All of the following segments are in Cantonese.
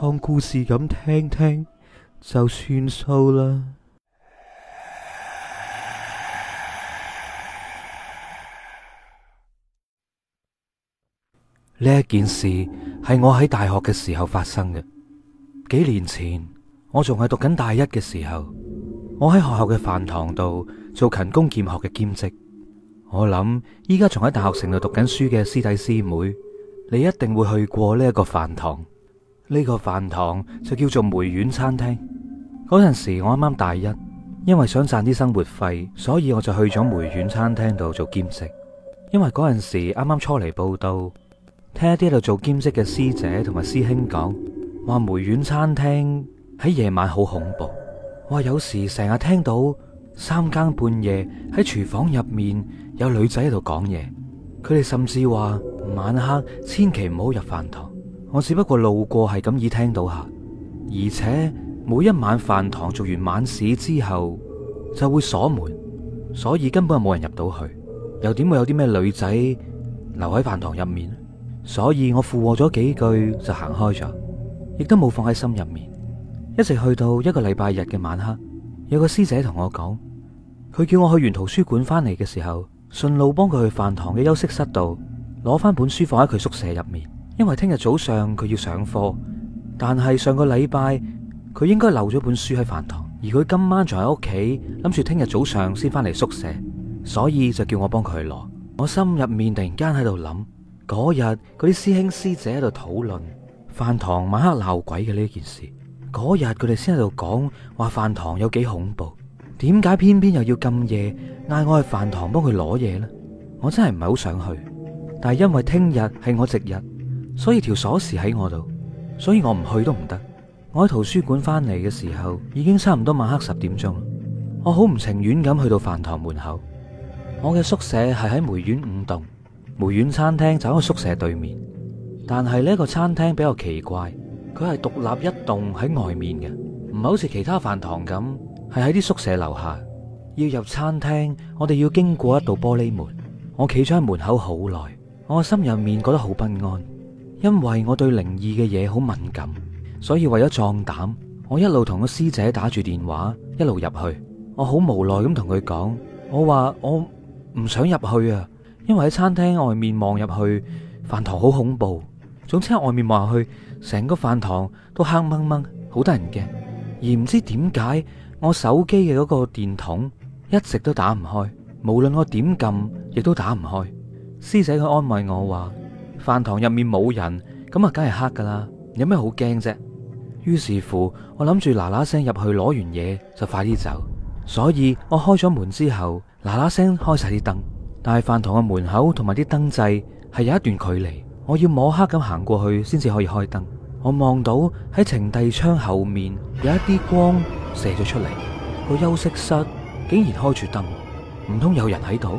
當故事咁聽聽就算數啦。呢一件事係我喺大學嘅時候發生嘅。幾年前，我仲係讀緊大一嘅時候，我喺學校嘅飯堂度做勤工儉學嘅兼職。我諗依家仲喺大學城度讀緊書嘅師弟師妹，你一定會去過呢一個飯堂。呢個飯堂就叫做梅苑餐廳。嗰陣時我啱啱大一，因為想賺啲生活費，所以我就去咗梅苑餐廳度做兼職。因為嗰陣時啱啱初嚟報到，聽一啲喺度做兼職嘅師姐同埋師兄講，話梅苑餐廳喺夜晚好恐怖，話有時成日聽到三更半夜喺廚房入面有女仔喺度講嘢，佢哋甚至話晚黑千祈唔好入飯堂。我只不過路過係咁耳聽到下，而且每一晚飯堂做完晚市之後就會鎖門，所以根本係冇人入到去，又點會有啲咩女仔留喺飯堂入面？所以我附和咗幾句就行開咗，亦都冇放喺心入面。一直去到一個禮拜日嘅晚黑，有個師姐同我講，佢叫我去完圖書館翻嚟嘅時候，順路幫佢去飯堂嘅休息室度攞翻本書放喺佢宿舍入面。因為聽日早上佢要上課，但係上個禮拜佢應該留咗本書喺飯堂，而佢今晚仲喺屋企諗住聽日早上先翻嚟宿舍，所以就叫我幫佢攞。我心入面突然間喺度諗，嗰日佢啲師兄師姐喺度討論飯堂晚黑鬧鬼嘅呢件事，嗰日佢哋先喺度講話飯堂有幾恐怖，點解偏偏又要咁夜嗌我去飯堂幫佢攞嘢呢？我真係唔係好想去，但係因為聽日係我值日。所以條鎖匙喺我度，所以我唔去都唔得。我喺圖書館翻嚟嘅時候，已經差唔多晚黑十點鐘。我好唔情願咁去到飯堂門口。我嘅宿舍係喺梅苑五棟，梅苑餐廳就喺宿舍對面。但係呢個餐廳比較奇怪，佢係獨立一棟喺外面嘅，唔係好似其他飯堂咁係喺啲宿舍樓下。要入餐廳，我哋要經過一道玻璃門。我企咗喺門口好耐，我心入面覺得好不安。因為我對靈異嘅嘢好敏感，所以為咗壯膽，我一路同個師姐打住電話，一路入去。我好無奈咁同佢講，我話我唔想入去啊，因為喺餐廳外面望入去飯堂好恐怖。總之喺外面望入去，成個飯堂都黑掹掹，好得人驚。而唔知點解，我手機嘅嗰個電筒一直都打唔開，無論我點撳，亦都打唔開。師姐佢安慰我話。飯堂入面冇人，咁啊，梗係黑噶啦。有咩好驚啫？於是乎，我諗住嗱嗱聲入去攞完嘢就快啲走。所以我開咗門之後，嗱嗱聲開晒啲燈。但係飯堂嘅門口同埋啲燈掣係有一段距離，我要摸黑咁行過去先至可以開燈。我望到喺情帝窗後面有一啲光射咗出嚟，個休息室竟然開住燈，唔通有人喺度？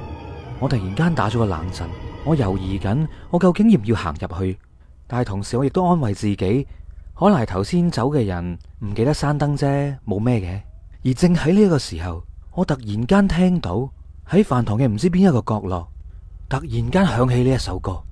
我突然間打咗個冷震。我猶豫緊，我究竟要唔要行入去？但係同時我亦都安慰自己，可能係頭先走嘅人唔記得閂燈啫，冇咩嘅。而正喺呢個時候，我突然間聽到喺飯堂嘅唔知邊一個角落，突然間響起呢一首歌。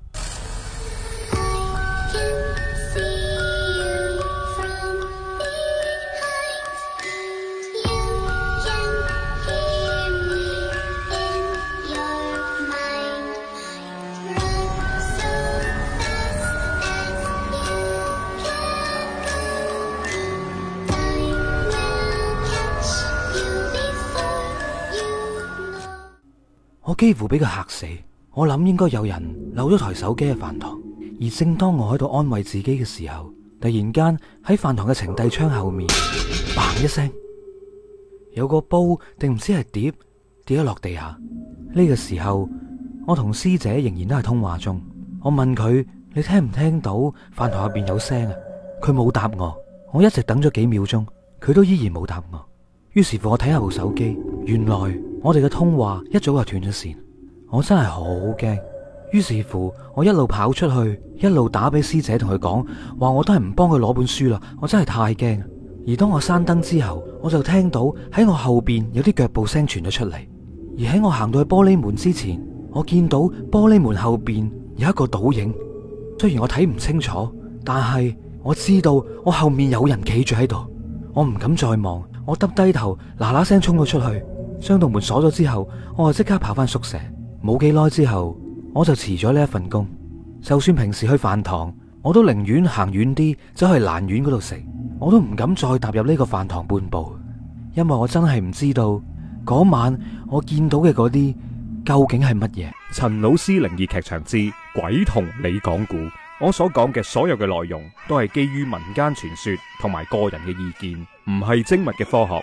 幾乎俾佢吓死，我諗應該有人漏咗台手機喺飯堂。而正當我喺度安慰自己嘅時候，突然間喺飯堂嘅城帝窗後面，砰一聲，有個煲定唔知係碟跌咗落地下。呢個時候，我同師姐仍然都係通話中。我問佢：你聽唔聽到飯堂入邊有聲啊？佢冇答我。我一直等咗幾秒鐘，佢都依然冇答我。於是乎，我睇下部手機，原來。我哋嘅通話一早就斷咗線，我真係好驚。於是乎，我一路跑出去，一路打俾師姐，同佢講，話我都係唔幫佢攞本書啦。我真係太驚。而當我閂燈之後，我就聽到喺我後邊有啲腳步聲傳咗出嚟。而喺我行到去玻璃門之前，我見到玻璃門後邊有一個倒影，雖然我睇唔清楚，但係我知道我後面有人企住喺度。我唔敢再望，我耷低頭，嗱嗱聲衝咗出去。將道門鎖咗之後，我就即刻跑翻宿舍。冇幾耐之後，我就辭咗呢一份工。就算平時去飯堂，我都寧願行遠啲，走去蘭苑嗰度食。我都唔敢再踏入呢個飯堂半步，因為我真係唔知道嗰晚我見到嘅嗰啲究竟係乜嘢。陳老師靈異劇場之「鬼同你講故」，我所講嘅所有嘅內容都係基於民間傳說同埋個人嘅意見，唔係精密嘅科學。